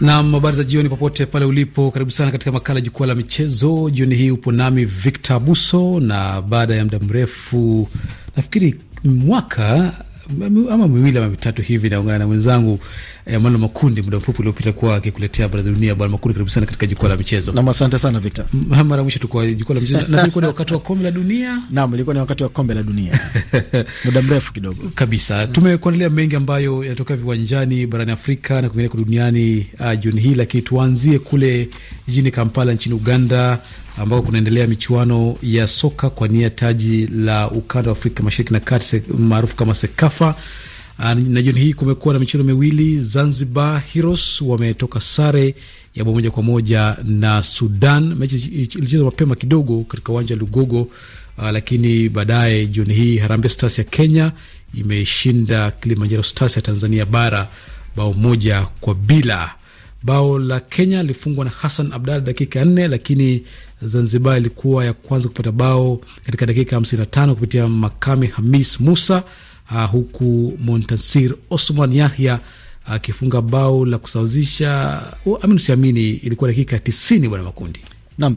Nam, habari za jioni popote pale ulipo, karibu sana katika makala jukwaa la michezo. Jioni hii upo nami Victor buso na baada ya muda mrefu, nafikiri mwaka ama miwili ama mitatu hivi, naungana na mwenzangu eh, Makundi muda mfupi uliopita kuwa akikuletea baraza dunia. Bwana Makundi, karibu sana katika jukwaa la michezo. Na asante sana Victor. Mara mwisho tulikuwa jukwaa la michezo na ilikuwa ni wakati wa kombe la dunia. Naam, ilikuwa ni wakati wa kombe la dunia, muda mrefu kidogo kabisa. Mm, Tumekuandalia mengi ambayo yanatokea viwanjani barani Afrika na kwingineko duniani uh, jioni hii, lakini tuanzie kule jijini Kampala nchini Uganda ambao kunaendelea michuano ya soka kwa nia taji la ukanda wa Afrika Mashariki na Kati maarufu kama Sekafa. Ah, na jioni hii kumekuwa na michezo miwili. Zanzibar Heroes wametoka sare ya bao moja kwa moja na Sudan. Mechi ilichezwa mapema kidogo katika uwanja Lugogo, uh, lakini baadaye jioni hii Harambee Stars ya Kenya imeshinda Kilimanjaro Stars ya Tanzania bara bao moja kwa bila. Bao la Kenya lilifungwa na Hassan Abdalla dakika ya nne, lakini Zanzibar ilikuwa ya kwanza kupata bao katika dakika tano kupitia Makame Hamis Musa uh, huku Montasir Osman Yahya akifunga uh, bao la kusawazisha. Uh, oh, amini usiamini, ilikuwa dakika tisini bwana Makundi. Naam,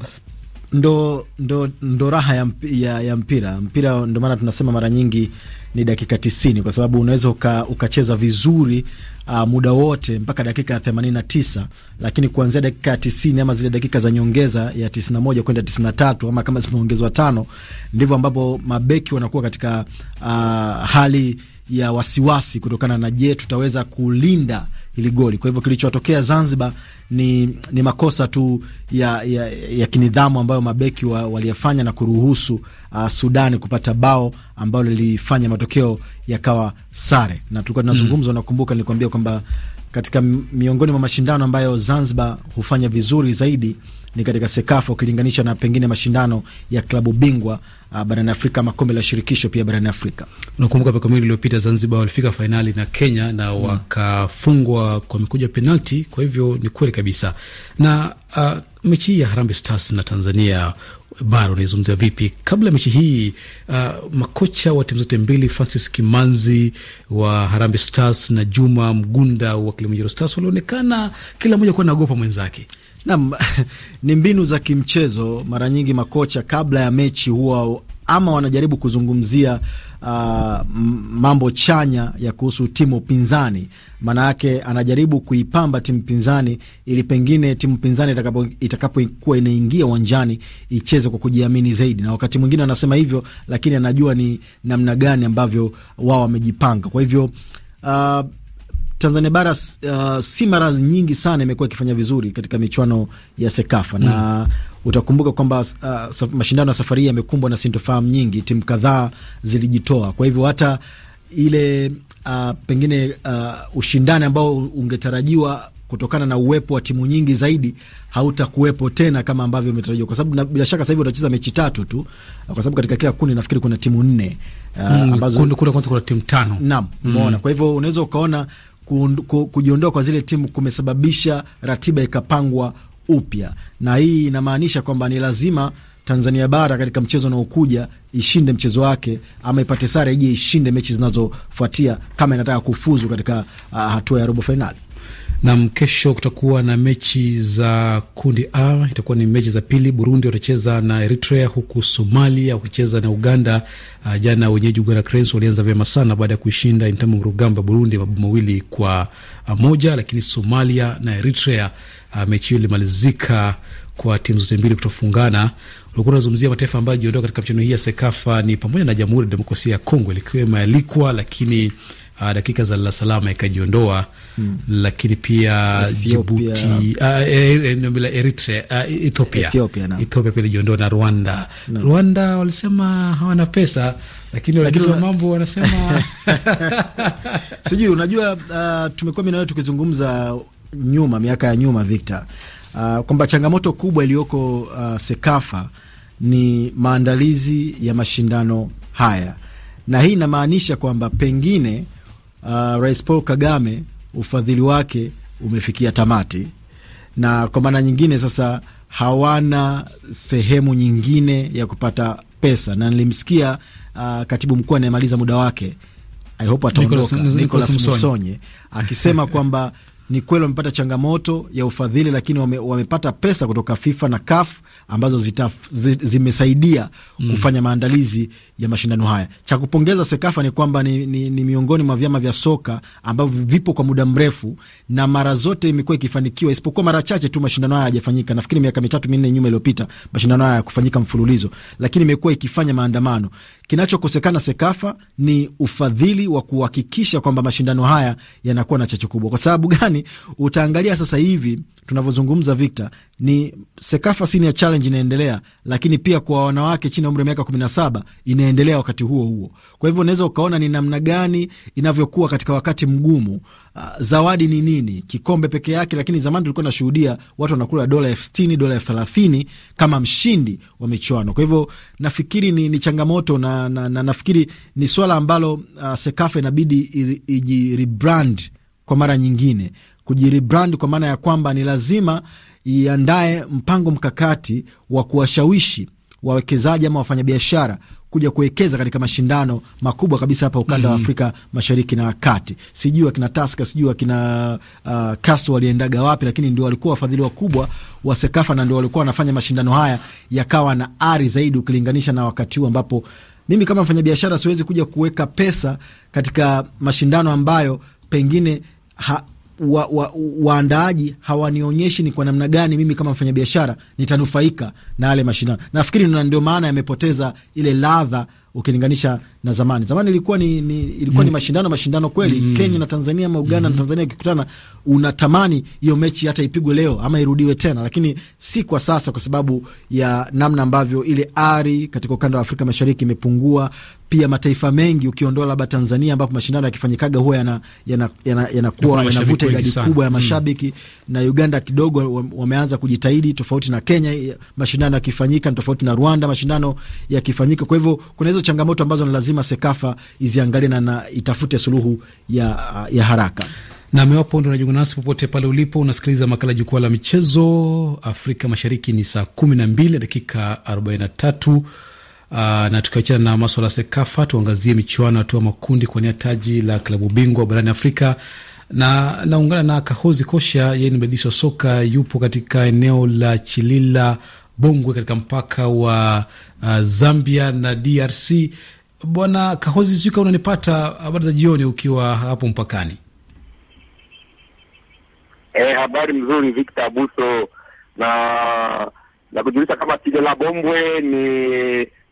ndo, ndo, ndo raha ya, ya, ya mpira. Mpira ndo maana tunasema mara nyingi ni dakika tisini kwa sababu unaweza uka, ukacheza vizuri uh, muda wote mpaka dakika ya themanini na tisa lakini kuanzia dakika ya tisini ama zile dakika za nyongeza ya tisini na moja kwenda tisini na tatu ama kama zimeongezwa tano ndivyo ambapo mabeki wanakuwa katika uh, hali ya wasiwasi kutokana na je, tutaweza kulinda hili goli. Kwa hivyo kilichotokea Zanzibar ni, ni makosa tu ya, ya, ya kinidhamu ambayo mabeki wa, waliyafanya na kuruhusu uh, Sudani kupata bao ambalo lilifanya matokeo yakawa sare, na tulikuwa tunazungumza mm. Nakumbuka nilikwambia kwamba katika miongoni mwa mashindano ambayo Zanzibar hufanya vizuri zaidi ni katika Sekafa ukilinganisha na pengine mashindano ya klabu bingwa uh, barani Afrika ama kombe la shirikisho pia barani Afrika. Unakumbuka miaka miwili iliyopita Zanzibar walifika fainali na Kenya na mm, wakafungwa kwa mikuja penalti. Kwa hivyo ni kweli kabisa. Na uh, mechi hii ya Harambee Stars na Tanzania bara unaizungumzia vipi? Kabla ya mechi hii uh, makocha wa timu zote mbili Francis Kimanzi wa Harambee Stars na Juma Mgunda wa Kilimanjaro Stars walionekana kila mmoja kuwa naogopa mwenzake. Naam, ni mbinu za kimchezo. Mara nyingi makocha kabla ya mechi huwa ama wanajaribu kuzungumzia uh, mambo chanya ya kuhusu timu pinzani. Maana yake anajaribu kuipamba timu pinzani ili pengine timu pinzani itakapokuwa inaingia uwanjani icheze kwa kujiamini zaidi, na wakati mwingine anasema hivyo, lakini anajua ni namna gani ambavyo wao wamejipanga. Kwa hivyo uh, Tanzania bara uh, si mara nyingi sana imekuwa ikifanya vizuri katika michuano ya Sekafa mm. na utakumbuka kwamba uh, mashindano ya safari yamekumbwa na sintofahamu nyingi, timu kadhaa zilijitoa. Kwa hivyo hata ile uh, pengine uh, ushindani ambao ungetarajiwa kutokana na uwepo wa timu nyingi zaidi hautakuwepo tena kama ambavyo umetarajiwa, kwa sababu bila shaka sasa hivi utacheza mechi tatu tu, kwa sababu katika kila kundi nafikiri kuna timu nne, uh, mm, ambazo kundi kule kwanza kuna timu tano. Naam, mm. umeona mm. Kwa hivyo unaweza ukaona kujiondoa kwa zile timu kumesababisha ratiba ikapangwa upya, na hii inamaanisha kwamba ni lazima Tanzania bara katika mchezo unaokuja ishinde mchezo wake ama ipate sare ije ishinde mechi zinazofuatia kama inataka kufuzu katika uh, hatua ya robo fainali. Nam, kesho kutakuwa na mechi za kundi A, itakuwa ni mechi za pili. Burundi watacheza na Eritrea, huku Somalia wakicheza na Uganda. Uh, jana wenyeji Uganda Cranes walianza vyema sana baada ya kuishinda Intamba Mrugamba Burundi mabao mawili kwa ah, moja, lakini Somalia na Eritrea uh, mechi hiyo ilimalizika kwa timu zote mbili kutofungana. Ulikuwa unazungumzia mataifa ambayo jiondoa katika mchano hii ya Sekafa ni pamoja na Jamhuri ya Demokrasia ya Kongo likiwa imealikwa, lakini uh, dakika za lasalama ikajiondoa mm. Lakini pia Ethiopia. uh, Eritrea uh, Ethiopia Ethiopia, na. Ethiopia pia ilijiondoa na Rwanda na. Rwanda walisema hawana pesa, lakini wajua wa mambo wanasema sijui. Unajua uh, tumekuwa mimi tukizungumza nyuma, miaka ya nyuma Victor, uh, kwamba changamoto kubwa iliyoko uh, Sekafa ni maandalizi ya mashindano haya na hii inamaanisha kwamba pengine uh, Rais Paul Kagame ufadhili wake umefikia tamati, na kwa maana nyingine sasa hawana sehemu nyingine ya kupata pesa, na nilimsikia uh, katibu mkuu anayemaliza muda wake I hope ataondoka Nicholas akisema kwamba ni kweli wamepata changamoto ya ufadhili, lakini wame, wamepata pesa kutoka FIFA na CAF ambazo zita, zi, zimesaidia mm. kufanya maandalizi ya mashindano haya. Cha kupongeza Sekafa ni kwamba ni, ni, ni miongoni mwa vyama vya soka ambavyo vipo kwa muda mrefu na mara zote imekuwa ikifanikiwa, isipokuwa mara chache tu mashindano haya hayajafanyika. Nafikiri miaka mitatu minne nyuma iliyopita mashindano haya yakufanyika mfululizo, lakini imekuwa ikifanya maandamano. Kinachokosekana Sekafa ni ufadhili wa kuhakikisha kwamba mashindano haya yanakuwa na chachu kubwa. Kwa sababu gani? utaangalia sasa hivi tunavyozungumza Victor, ni Sekafa Senior Challenge inaendelea, lakini pia kwa wanawake chini ya umri wa miaka kumi na saba inaendelea wakati huo huo. Kwa hivyo unaweza ukaona ni namna gani inavyokuwa katika wakati mgumu. Uh, zawadi ni nini? Kikombe peke yake? Lakini zamani tulikuwa nashuhudia watu wanakula dola elfu sitini dola elfu thelathini kama mshindi wa michuano. Kwa hivyo nafikiri ni, ni changamoto na, na, na nafikiri ni swala ambalo uh, Sekafa inabidi iji kwa mara nyingine kujirebrand kwa maana ya kwamba ni lazima iandae mpango mkakati wa kuwashawishi wawekezaji ama wafanyabiashara kuja kuwekeza katika mashindano makubwa kabisa hapa ukanda mm -hmm. wa mhm. Afrika Mashariki na Kati. Sijui akina Taska, sijui akina uh, Kasto waliendaga wapi, lakini ndio walikuwa wafadhili wakubwa wa Sekafa na ndio walikuwa wanafanya mashindano haya yakawa na ari zaidi ukilinganisha na wakati huu ambapo mimi kama mfanyabiashara siwezi kuja kuweka pesa katika mashindano ambayo pengine ha, waandaaji wa, wa hawanionyeshi ni kwa namna gani mimi kama mfanyabiashara nitanufaika na yale mashindano. Nafikiri ndio maana yamepoteza ile ladha ukilinganisha na zamani. Zamani ilikuwa ni, ni ilikuwa mm. ni mashindano mashindano kweli mm. Kenya na Tanzania ama Uganda mm. na mm-hmm. Tanzania ikikutana, unatamani hiyo mechi hata ipigwe leo ama irudiwe tena, lakini si kwa sasa, kwa sababu ya namna ambavyo ile ari katika ukanda wa Afrika Mashariki imepungua pia mataifa mengi ukiondoa labda Tanzania ambapo mashindano yakifanyikaga huwa yanakuwa yanavuta idadi kubwa ya hmm. mashabiki mm. na Uganda kidogo wameanza kujitahidi, tofauti na Kenya mashindano yakifanyika ni tofauti na Rwanda mashindano yakifanyika. Kwa hivyo kuna hizo changamoto ambazo ni lazima Sekafa iziangalie na, na itafute suluhu ya, ya haraka na mewapo ndo unajiunga nasi popote pale ulipo, unasikiliza makala jukwaa la michezo Afrika Mashariki. Ni saa kumi na mbili dakika arobaini na tatu. Uh, na tukiachana na maswala ya SEKAFA tuangazie michuano hatua makundi kuwania taji la klabu bingwa barani Afrika na naungana na Kahozi Kosha, yeye ni mdadisi wa soka, yupo katika eneo la Chilila Bongwe katika mpaka wa uh, Zambia na DRC. Bwana Kahozi Sika, unanipata? Habari za jioni ukiwa hapo mpakani. Eh, habari mzuri Victor Abuso, na na kujulisha kama Chilila Bongwe ni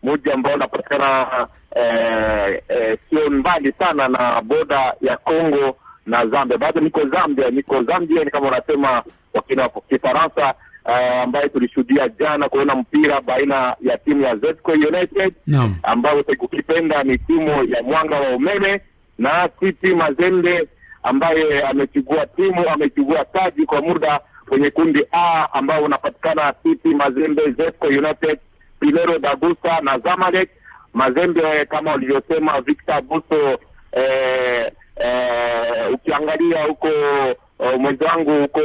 mji ambao unapatikana eh, eh, sio mbali sana na boda ya Congo na Zambia. Bado niko Zambia, niko Zambia ni kama unasema wakina Kifaransa eh, ambaye tulishuhudia jana kuona mpira baina ya timu ya Zesco United no. ambayo ukipenda ni timu ya Mwanga wa Umeme na TP Mazembe ambaye amechukua timu amechukua taji kwa muda kwenye kundi A ambao unapatikana TP Mazembe, Zesco United Pilero Dagusa na Zamalek. Mazembe kama walivyosema Victor Buso eh, eh, ukiangalia huko uh, eh, wangu huko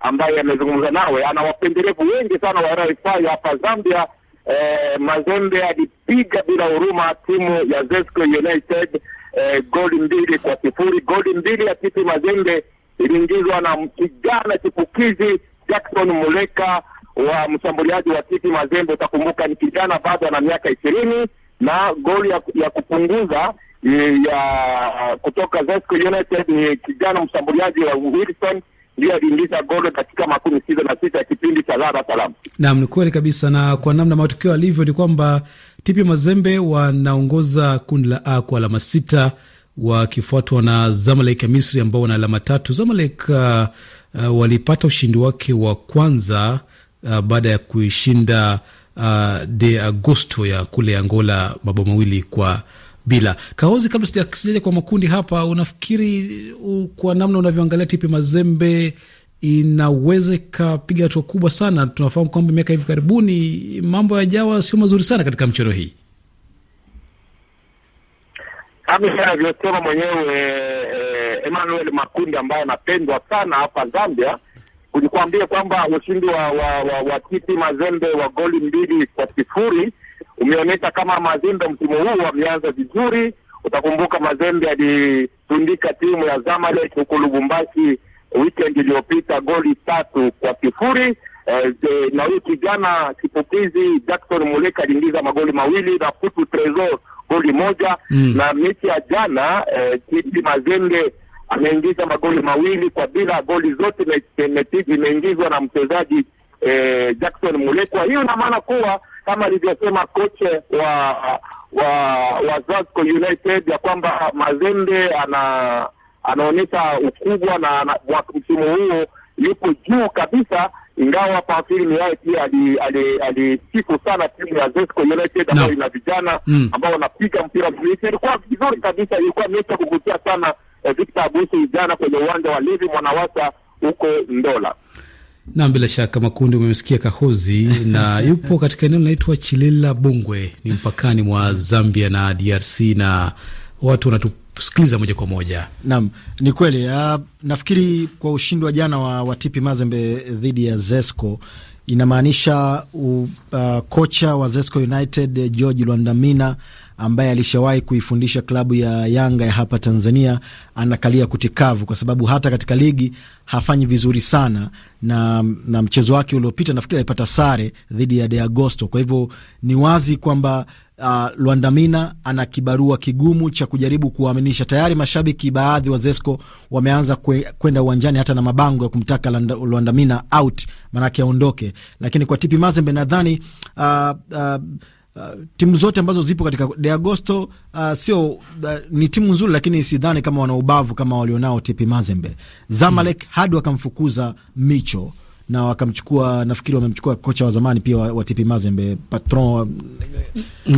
ambaye amezungumza nawe ana wapendelevu wengi sana RFI hapa Zambia. Eh, Mazembe alipiga bila huruma timu ya Zesco United eh, goli mbili kwa sifuri. Goli mbili ya TP Mazembe iliingizwa na kijana chipukizi Jackson Muleka wa mshambuliaji wa TP Mazembe, utakumbuka ni kijana bado ana miaka ishirini na goli ya, ya kupunguza e, ya kutoka Zesco United ni kijana mshambuliaji wa Wilson ndio aliingiza goli katika makumi sita na sita ya kipindi cha Dar es Salaam. Naam, ni kweli kabisa, na kwa namna matokeo alivyo ni kwamba TP Mazembe wanaongoza kundi la A kwa alama sita wakifuatwa na Zamalek ya Misri ambao wana alama tatu. Zamalek uh, uh, walipata ushindi wake wa kwanza uh, baada ya kuishinda uh, de Agosto ya kule Angola mabao mawili kwa bila. Kaozi, kabla sijaja kwa makundi hapa, unafikiri uh, kwa namna unavyoangalia TP Mazembe inaweza ikapiga hatua kubwa sana? Tunafahamu kwamba miaka hivi karibuni mambo yajawa sio mazuri sana katika mchoro hii. Kama alivyosema mwenyewe eh, eh, Emmanuel Makundi ambaye anapendwa sana hapa Zambia Nikuambie kwamba ushindi wa, wa, wa, wa TP Mazembe wa goli mbili kwa sifuri umeonyesha kama Mazembe msimu huu wameanza vizuri. Utakumbuka Mazembe alitundika timu ya Zamalek huko Lubumbashi weekend iliyopita goli tatu kwa sifuri. Eh, na huyu kijana kipukizi Jackson Muleka aliingiza magoli mawili na Futu Tresor goli moja mm. na mechi ya jana eh, TP Mazembe ameingiza magoli mawili kwa bila, goli zote imeingizwa na mchezaji eh, Jackson Mulekwa. Hiyo ina maana kuwa kama alivyosema kocha wa wa, wa Zasco United ya kwamba Mazembe ana anaonyesha ukubwa na, na msimu huo yuko juu kabisa ingawa ni yeye pia alisifu sana timu ya Zesco United ambayo ina vijana mm. ambao wanapiga mpira vizuri. Ilikuwa vizuri kabisa, ilikuwa mechi ya kuvutia sana. Eh, Victor Abusu jana kwenye uwanja wa Levi Mwanawasa huko Ndola. Na bila shaka Makundi, umemsikia Kahozi na yupo katika eneo linaloitwa Chilela bungwe ni mpakani mwa Zambia na DRC na watu wanatupa kusikiliza moja kwa moja. Naam, ni kweli. Uh, nafikiri kwa ushindi wa jana wa, wa Mazembe dhidi ya Zesco inamaanisha uh, kocha wa Zesco United George Lwandamina ambaye alishawahi kuifundisha klabu ya Yanga ya hapa Tanzania anakalia kutikavu, kwa sababu hata katika ligi hafanyi vizuri sana, na, na mchezo wake uliopita nafikiri alipata sare dhidi ya De Agosto. Kwa hivyo ni wazi kwamba uh, Lwandamina ana kibarua kigumu cha kujaribu kuwaaminisha. Tayari mashabiki baadhi wa Zesco wameanza kwenda kwe uwanjani hata na mabango ya kumtaka Lwandamina out, maanake aondoke. Lakini kwa Tipi Mazembe nadhani uh, uh, Uh, timu zote ambazo zipo katika De Agosto uh, sio uh, ni timu nzuri, lakini sidhani kama wana ubavu kama walionao TP Mazembe. Zamalek hmm, hadi wakamfukuza Micho na wakamchukua, nafikiri wamemchukua kocha wa zamani pia wa, wa TP Mazembe patron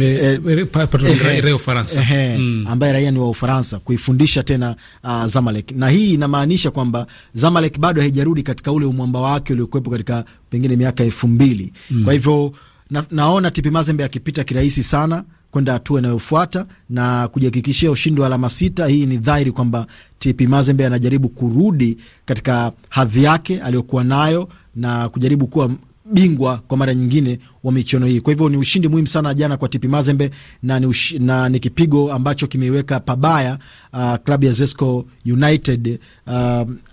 eh, eh, eh, mm. ambaye raia ni wa Ufaransa kuifundisha tena uh, Zamalek, na hii inamaanisha kwamba Zamalek bado haijarudi katika ule umwamba wake uliokuwepo katika pengine miaka elfu mbili mm. Kwa hivyo na, naona TP Mazembe akipita kirahisi sana kwenda hatua inayofuata na kujihakikishia ushindi wa alama sita. Hii ni dhahiri kwamba TP Mazembe anajaribu kurudi katika hadhi yake aliyokuwa nayo na kujaribu kuwa bingwa kwa mara nyingine wa michuano hii. Kwa hivyo ni ushindi muhimu sana jana kwa TP Mazembe na ni, ush, na ni kipigo ambacho kimeiweka pabaya uh, klabu ya Zesco United uh,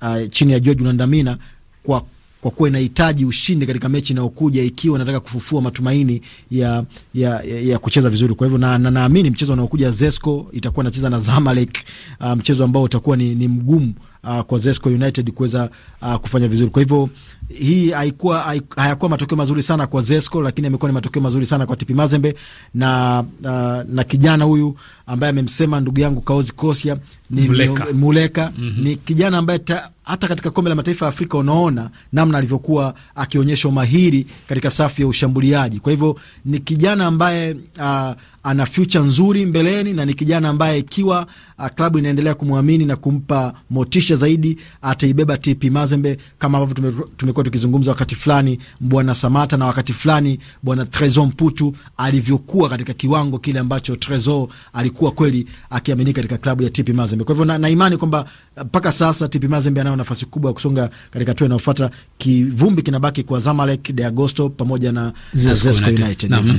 uh, chini ya George Nandamina kwa kwa kuwa inahitaji ushindi katika mechi inayokuja ikiwa nataka kufufua matumaini ya, ya, ya, ya kucheza vizuri. Kwa hivyo na naamini mchezo unaokuja Zesco itakuwa nacheza na Zamalek, uh, mchezo ambao utakuwa ni, ni mgumu uh, kwa Zesco United kuweza uh, kufanya vizuri. Kwa hivyo hii haikuwa hayakuwa matokeo mazuri sana kwa Zesco, lakini amekuwa ni matokeo mazuri sana kwa Tipi Mazembe na uh, na kijana huyu ambaye amemsema ndugu yangu Kaozi Kosia ni Muleka, Muleka. Mm -hmm. Ni kijana ambaye ta, hata katika kombe la mataifa ya Afrika unaona namna alivyokuwa akionyesha umahiri katika safu ya ushambuliaji. Kwa hivyo ni kijana ambaye uh, ana future nzuri mbeleni na ni kijana ambaye ikiwa klabu uh, inaendelea kumwamini na kumpa motisha zaidi ataibeba TP Mazembe kama ambavyo tumekuwa tukizungumza wakati fulani bwana Samata na wakati fulani bwana Tresor Mputu alivyokuwa katika kiwango kile ambacho Tresor alikuwa kweli akiaminika katika klabu ya TP Mazembe. Kwa hivyo na, na imani kwamba uh, mpaka sasa TP Mazembe anayo nafasi kubwa ya kusonga katika hatua inayofuata. Kivumbi kinabaki kwa Zamalek de Agosto pamoja na Zesco United. Matokeo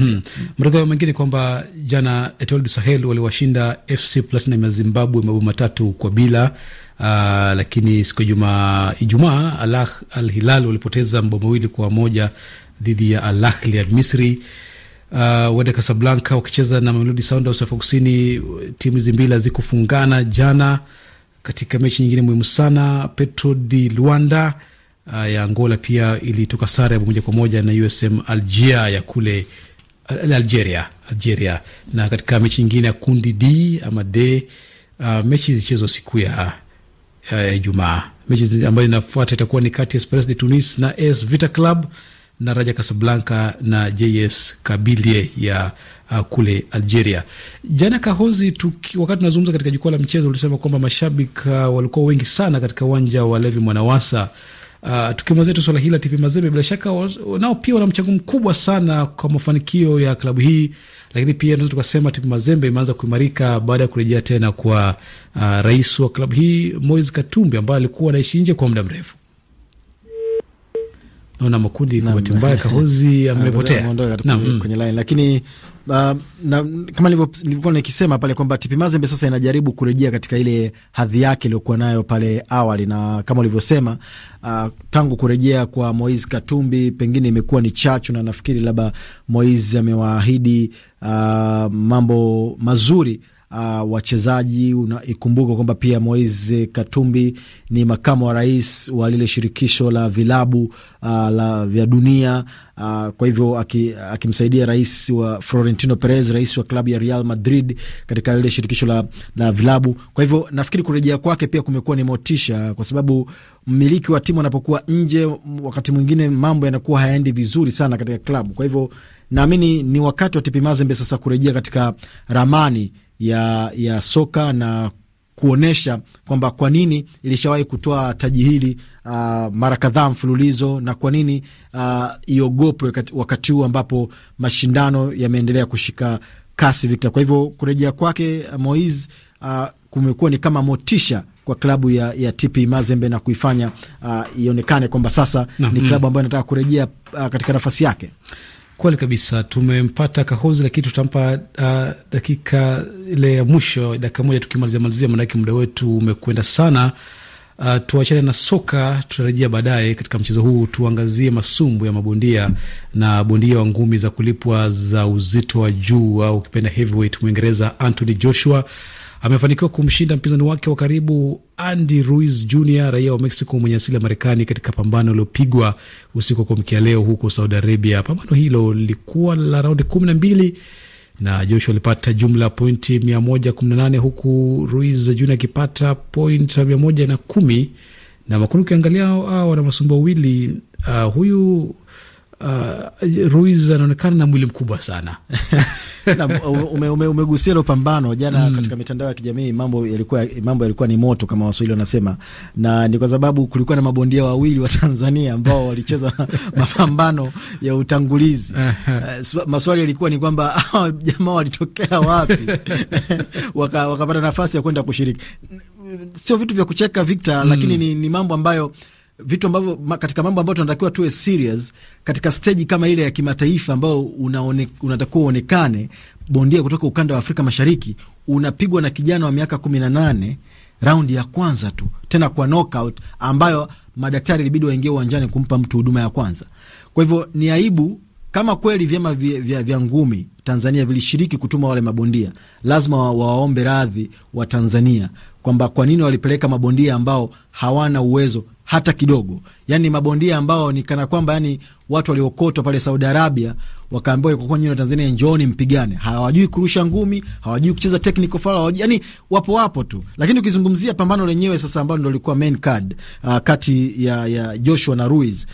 mm-hmm. mwingine kwamba jana Etoile du Sahel waliwashinda FC Platinum ya Zimbabwe mabao matatu kwa bila. Uh, lakini siku ya Ijumaa Al, Al Hilal walipoteza mabao mawili kwa moja dhidi ya Al Ahly ya Misri. Uh, ah, Wede Casablanca wakicheza na Mamelodi Sundowns Afrika Kusini. Timu hizi mbili hazikufungana jana katika mechi nyingine muhimu sana. Petro di Luanda uh, ya Angola pia ilitoka sare ya moja kwa moja na USM Algeria ya kule Algeria, Algeria. Na katika mechi nyingine ya kundi D ama D, uh, mechi zilichezwa siku ya uh, Ijumaa. Uh, mechi ambayo inafuata itakuwa ni kati ya Esperance de Tunis na AS Vita Club na Raja Casablanca na JS Kabylie ya uh, kule Algeria. Jana Kahozi, tuki, wakati tunazungumza katika jukwaa la mchezo, ulisema kwamba mashabiki uh, walikuwa wengi sana katika uwanja wa Levi Mwanawasa Uh, tukimalizia tu swala hili la TP Mazembe, bila shaka nao pia wana mchango mkubwa sana kwa mafanikio ya klabu hii, lakini pia tunaweza tukasema TP Mazembe imeanza kuimarika baada ya kurejea tena kwa uh, rais wa klabu hii Moise Katumbi ambaye alikuwa anaishi nje kwa muda mrefu naona Makundi kwa bahati mbaya kahozi amepotea mm. kwenye line, lakini uh, na, kama nilivyokuwa nikisema pale kwamba TP Mazembe sasa inajaribu kurejea katika ile hadhi yake iliyokuwa nayo pale awali, na kama ulivyosema uh, tangu kurejea kwa Moise Katumbi pengine imekuwa ni chachu, na nafikiri labda Moise amewaahidi uh, mambo mazuri uh, wachezaji. Ikumbuka kwamba pia Moise Katumbi ni makamu wa rais wa lile shirikisho la vilabu uh, la vya dunia uh, kwa hivyo akimsaidia aki rais wa Florentino Perez, rais wa klabu ya Real Madrid katika lile shirikisho la, la vilabu. Kwa hivyo nafikiri kurejea kwake pia kumekuwa ni motisha, kwa sababu mmiliki wa timu anapokuwa nje, wakati mwingine mambo yanakuwa hayaendi vizuri sana katika klabu. Kwa hivyo naamini ni wakati wa Tipi Mazembe sasa kurejea katika ramani ya, ya soka na kuonesha kwamba kwa nini ilishawahi kutoa taji hili uh, mara kadhaa mfululizo na kwa nini uh, iogopwe wakati huu ambapo mashindano yameendelea kushika kasi Victor. Kwa hivyo kurejea kwake uh, Moise uh, kumekuwa ni kama motisha kwa klabu ya, ya TP Mazembe na kuifanya uh, ionekane kwamba sasa na, ni klabu mm. ambayo inataka kurejea uh, katika nafasi yake. Kweli kabisa, tumempata Kahozi, lakini tutampa uh, dakika ile ya mwisho, dakika moja tukimalizia malizia, maanake muda wetu umekwenda sana. Uh, tuachane na soka, tutarejea baadaye katika mchezo huu. Tuangazie masumbu ya mabondia na bondia wa ngumi za kulipwa za uzito wa juu au ukipenda heavyweight Mwingereza Anthony Joshua amefanikiwa kumshinda mpinzani wake wa karibu Andy Ruiz Jr, raia wa Mexico mwenye asili ya Marekani, katika pambano aliopigwa usiku wa kuamkia leo huko Saudi Arabia. Pambano hilo lilikuwa la raundi kumi na mbili na Joshua alipata jumla ya pointi 118 huku Ruiz Jr akipata point 110 na, na makundi ukiangalia ah, wana masumbu wawili uh, ah, huyu Uh, Ruiz anaonekana na mwili mkubwa sana umegusia uh, ume, ume hilo pambano jana mm. Katika mitandao ya kijamii mambo yalikuwa, mambo yalikuwa ni moto kama Waswahili wanasema, na ni kwa sababu kulikuwa na mabondia wawili wa Tanzania ambao walicheza mapambano ya utangulizi uh, maswali yalikuwa ni kwamba hawa jamaa walitokea wapi wakapata waka nafasi ya kwenda kushiriki. Sio vitu vya kucheka Victor, mm. Lakini ni, ni mambo ambayo vitu ambavyo katika mambo ambayo tunatakiwa tuwe serious katika steji kama ile ya kimataifa ambayo unatakiwa uonekane. Bondia kutoka ukanda wa Afrika Mashariki unapigwa na kijana wa miaka kumi na nane raundi ya kwanza tu, tena kwa knockout ambayo madaktari ilibidi waingie uwanjani kumpa mtu huduma ya kwanza. Kwa hivyo ni aibu kama kweli vyama vya, vya, vya ngumi Tanzania vilishiriki kutuma wale mabondia, lazima wawaombe radhi wa Tanzania kwamba kwa nini walipeleka mabondia ambao hawana uwezo hata kidogo. Yani mabondia ambao ni kana kwamba yani watu waliokotwa pale Saudi Arabia wakaambiwa yuko kwenye Tanzania, njooni mpigane. Hawajui kurusha ngumi, hawajui kucheza technical foul, hawajui yani wapo wapo tu. Lakini ukizungumzia pambano lenyewe sasa, ambalo ndo lilikuwa main card uh, kati ya, ya Joshua na Ruiz,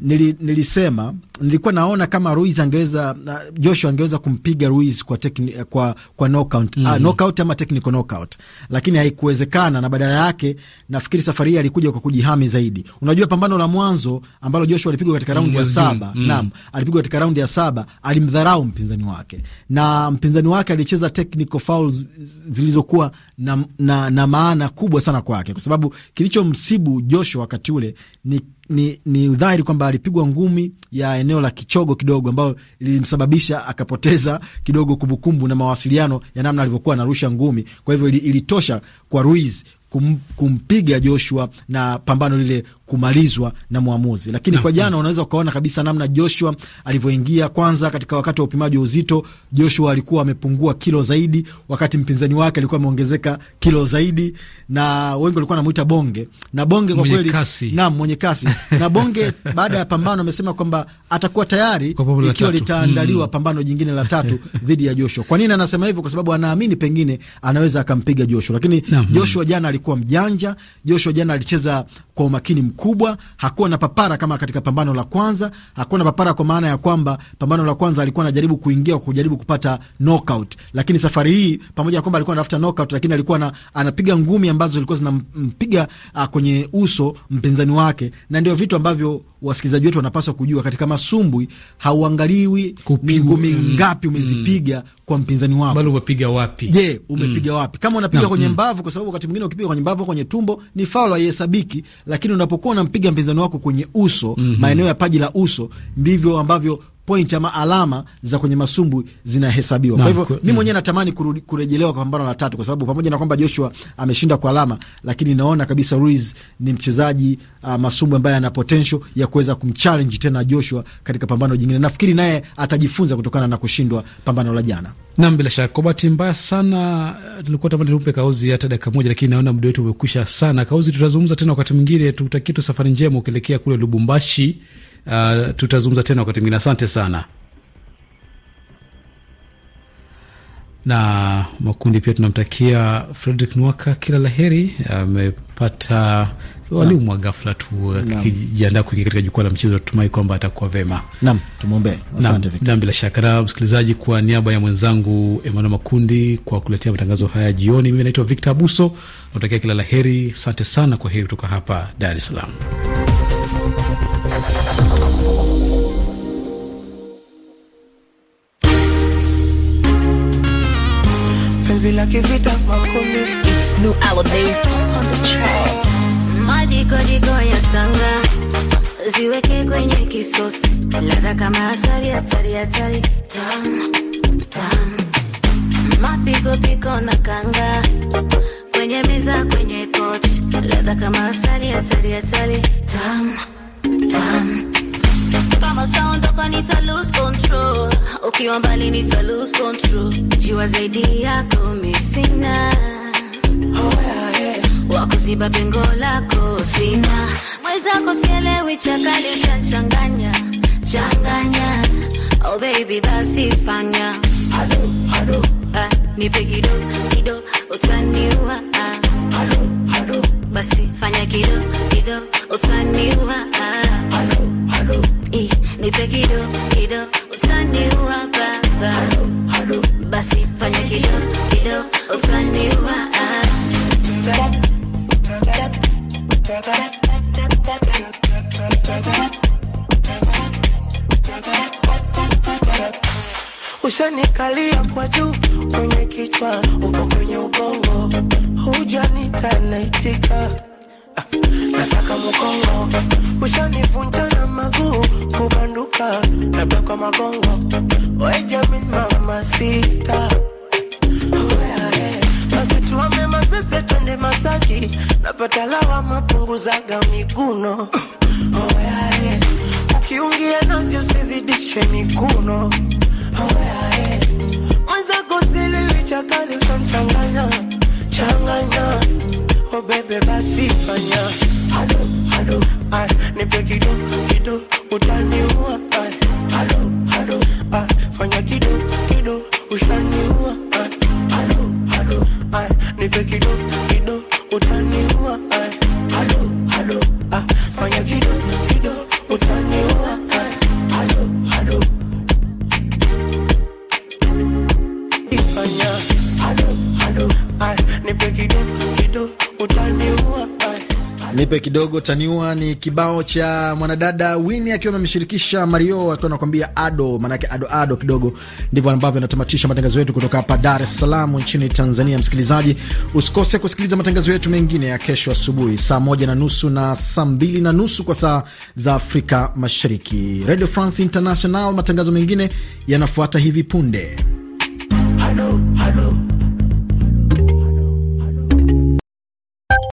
nili, nilisema nilikuwa naona kama Ruiz angeweza Joshua angeweza kumpiga Ruiz kwa tekni, kwa, kwa knockout, mm. uh, knockout ama technical knockout, lakini haikuwezekana, na badala yake nafikiri safari hii alikuja kwa kujihami zaidi. Unajua pambano la mwanzo ambalo Joshua alipigwa katika raundi mm, ya saba mm. naam, alipigwa katika raundi ya saba, alimdharau mpinzani wake na mpinzani wake alicheza technical fouls zilizokuwa na, na, na maana kubwa sana kwake, kwa sababu kilichomsibu Joshua wakati ule ni, ni, ni udhahiri kwamba alipigwa ngumi ya eneo eneo la kichogo kidogo, ambayo lilimsababisha akapoteza kidogo kumbukumbu na mawasiliano ya namna alivyokuwa anarusha ngumi. Kwa hivyo ilitosha kwa Ruiz kum, kumpiga Joshua na pambano lile kumalizwa na mwamuzi, lakini na, kwa jana Unaweza ukaona kabisa namna Joshua alivyoingia kwanza. Katika wakati wa upimaji wa uzito, Joshua alikuwa amepungua kilo zaidi, wakati mpinzani wake alikuwa ameongezeka kilo zaidi, na wengi walikuwa namuita bonge na bonge kwa kweli, naam, mwenye kasi na bonge. Baada ya pambano amesema kwamba atakuwa tayari ikiwa litaandaliwa hmm, pambano jingine la tatu dhidi ya Joshua. Kwa nini anasema hivyo? Kwa sababu anaamini pengine anaweza akampiga Joshua, lakini no, Joshua jana alikuwa mjanja. Joshua jana alicheza kwa umakini mkubwa. Hakuwa na papara kama katika pambano la kwanza, hakuwa na papara kwa maana ya kwamba pambano la kwanza alikuwa anajaribu kuingia kwa kujaribu kupata knockout, lakini safari hii pamoja na kwamba alikuwa anatafuta knockout, lakini alikuwa na, anapiga ngumi ambazo zilikuwa zinampiga ah, kwenye uso mpinzani wake, na ndio vitu ambavyo wasikilizaji wetu wanapaswa kujua, katika masumbwi hauangaliwi miguu mm. mingapi umezipiga mm. kwa mpinzani wako, bali umepiga wapi. Je, umepiga mm. wapi? Kama unapiga no, kwenye mm. mbavu, kwa sababu wakati mwingine ukipiga kwenye mbavu kwenye tumbo ni faulu, haihesabiki. Lakini unapokuwa unampiga mpinzani wako kwenye uso mm -hmm. maeneo ya paji la uso, ndivyo ambavyo point ama alama za kwenye masumbu zinahesabiwa. Kwa hivyo mimi mwenyewe mm. natamani kurejelewa kwa pambano la tatu, kwa sababu pamoja na kwamba Joshua ameshinda kwa alama, lakini naona kabisa Ruiz ni mchezaji uh, masumbu ambaye ana potential ya kuweza kumchallenge tena Joshua katika pambano jingine. Nafikiri naye atajifunza kutokana na kushindwa pambano la jana. Nam, bila shaka. Kwa bahati mbaya sana uh, tulikuwa tamani tupe Kauzi hata dakika moja, lakini naona muda wetu umekwisha sana. Kauzi, tutazungumza tena wakati mwingine, tutakie tu safari njema ukielekea kule Lubumbashi. Uh, tutazungumza tena wakati mwingine. Asante sana. Na Makundi pia tunamtakia Fredrick Nwaka kila heri. amepata waliumwa ghafla tu akijiandaa kuingia katika jukwaa la mchezo. Natumai kwamba atakuwa vema. Naam, tumwombee. Asante Victor. Naam, bila shaka. Na msikilizaji, kwa niaba ya mwenzangu Emmanuel Makundi kwa kuletea matangazo haya jioni, mimi naitwa Victor Abuso, natakia kila la heri Asante sana, kwa heri kutoka hapa Dar es Salaam. penzi la kivita makumi It's new Alade on the track Madigo digo ya tanga Ziweke kwenye kisosi Ladha kama asali hatari hatari Tam, tam Mapigo piko na kanga Kwenye meza kwenye koch, Ladha kama asali hatari hatari Tam, tam kama utaondoka nita lose control, ukiwa mbali nita lose control. Jua zaidi yako mimi sina, oh, wakuziba pengo lako sina, mwenzako sielewi, chakali ushachanganya changanya. Oh baby basi fanya halo halo, ah, nipe kido kido utaniua ah. Halo halo, basi fanya kido kido utaniua ah nipe kidogo kidogo, utaniua baba, basi fanya kidogo kidogo, utaniua Ushanikalia kwa juu kwenye kichwa, uko kwenye ubongo, hujanita naitika nasaka mkongo, ushanivunja na maguu kubanduka, labda kwa magongo. We mama sita Tuame mazese twende Masaki, napata lawa mapunguzaga miguno oyae ukiungia nazi usizidishe miguno mwenzako siliwi utamchanganya changanya, obebe oh, basi fanya halo halo, ah, nipe kidogo kidogo utaniua, ah, halo halo, ah, fanya kidogo kidogo ushaniua, ah, halo halo, ah, nipe kidogo tupe kidogo taniwa Ni kibao cha mwanadada Wini akiwa amemshirikisha Mario akiwa anakuambia ado, maanake ado ado kidogo. Ndivyo ambavyo anatamatisha matangazo yetu kutoka hapa Dar es Salaam nchini Tanzania. Msikilizaji, usikose kusikiliza matangazo yetu mengine ya kesho asubuhi saa moja na nusu na saa mbili na nusu kwa saa za Afrika Mashariki. Radio France International, matangazo mengine yanafuata hivi punde. Hello, hello.